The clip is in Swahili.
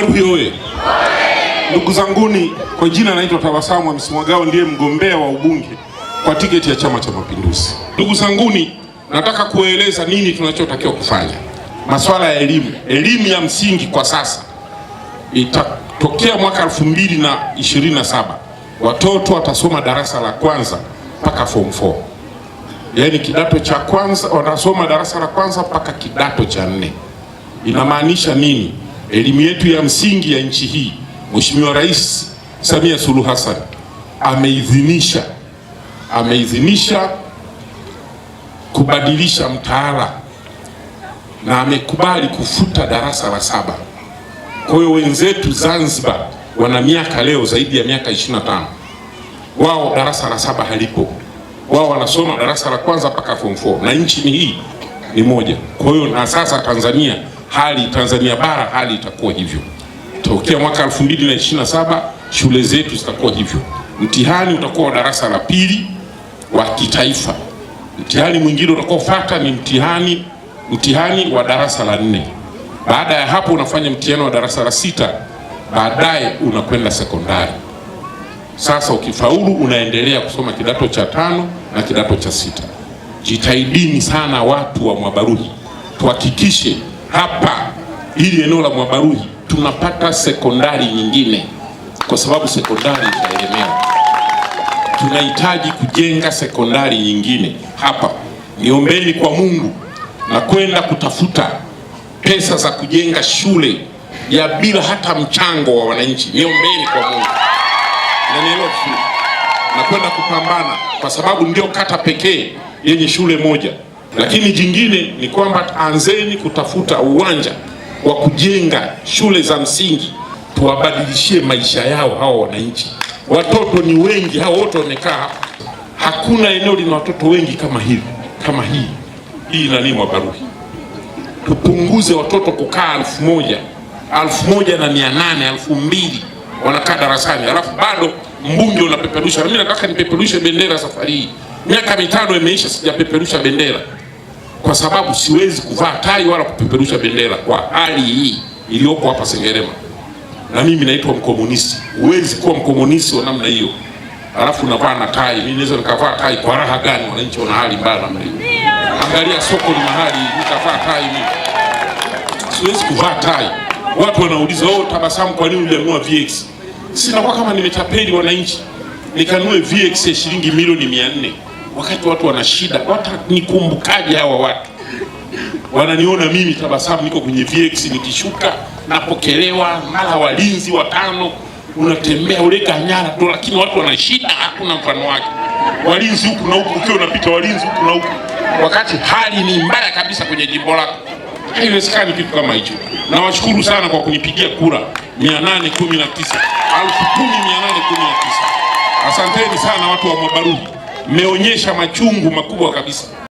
Karuhi oye! Ndugu zanguni, kwa jina naitwa Tabasamu Msimwagao, ndiye mgombea wa ubunge kwa tiketi ya Chama cha Mapinduzi. Ndugu zanguni, nataka kueleza nini tunachotakiwa kufanya. Masuala ya elimu, elimu ya msingi kwa sasa itatokea mwaka saba watoto watasoma darasa la kwanza mpaka form 4, yaani kidato cha kwanza, watasoma darasa la kwanza mpaka kidato cha nne. Inamaanisha nini? elimu yetu ya msingi ya nchi hii, Mheshimiwa Rais Samia Suluhu Hassan ameidhinisha ameidhinisha kubadilisha mtaala na amekubali kufuta darasa la saba. Kwa hiyo wenzetu Zanzibar wana miaka leo zaidi ya miaka 25, wao darasa la saba halipo, wao wanasoma darasa la kwanza mpaka form 4 na nchi ni hii ni moja. Kwa hiyo na sasa Tanzania hali Tanzania bara hali itakuwa hivyo. Tokea mwaka 2027 shule zetu zitakuwa hivyo. Mtihani utakuwa wa darasa la pili wa kitaifa. Mtihani mwingine utakaofuata ni mtihani mtihani wa darasa la nne. Baada ya hapo unafanya mtihani wa darasa la sita, baadaye unakwenda sekondari. Sasa ukifaulu unaendelea kusoma kidato cha tano na kidato cha sita. Jitahidini sana watu wa Mwabaruhi, tuhakikishe hapa hili eneo la Mwabaruhi tunapata sekondari nyingine, kwa sababu sekondari itaelemea. Tunahitaji kujenga sekondari nyingine hapa. Niombeni kwa Mungu na kwenda kutafuta pesa za kujenga shule ya bila hata mchango wa wananchi. Niombeni kwa Mungu na kwenda kupambana, kwa sababu ndio kata pekee yenye shule moja lakini jingine ni kwamba anzeni kutafuta uwanja wa kujenga shule za msingi, tuwabadilishie maisha yao hawa wananchi. Watoto ni wengi, hao wote wamekaa Hakuna eneo lina watoto wengi kama hivi kama hii hii inalimwa Baruhi. Tupunguze watoto kukaa elfu moja elfu moja na mia nane elfu mbili wanakaa darasani, alafu bado mbunge unapeperusha. Mimi nataka nipeperushe bendera safari hii. Miaka mitano imeisha sijapeperusha bendera kwa sababu siwezi kuvaa tai wala kupeperusha bendera kwa hali hii iliyoko hapa Sengerema, na mimi naitwa mkomunisti. Huwezi kuwa mkomunisti wa namna hiyo alafu unavaa na tai. Mimi naweza nikavaa tai kwa raha gani? Wananchi wana hali mbaya namna hiyo. Angalia soko ni mahali nikavaa tai mimi, siwezi kuvaa tai. Watu wanauliza oh, Tabasamu, kwa nini ulinunua VX? Sinakuwa kama nimetapeli wananchi nikanunue VX ya shilingi milioni mia nne wakati watu wana shida, watanikumbukaje hawa watu? Wananiona mimi tabasamu, niko kwenye VX, nikishuka napokelewa, mara walinzi watano, unatembea ule nyara tu, lakini watu wana shida, hakuna mfano wake. Walinzi huku na huku, ukiwa unapita walinzi huku na huku, wakati hali ni mbaya kabisa kwenye jimbo lako. Haiwezekani kitu kama hicho. Nawashukuru sana kwa kunipigia kura 819 au 10819. Asanteni sana watu wa Mwabaruhi mmeonyesha machungu makubwa kabisa.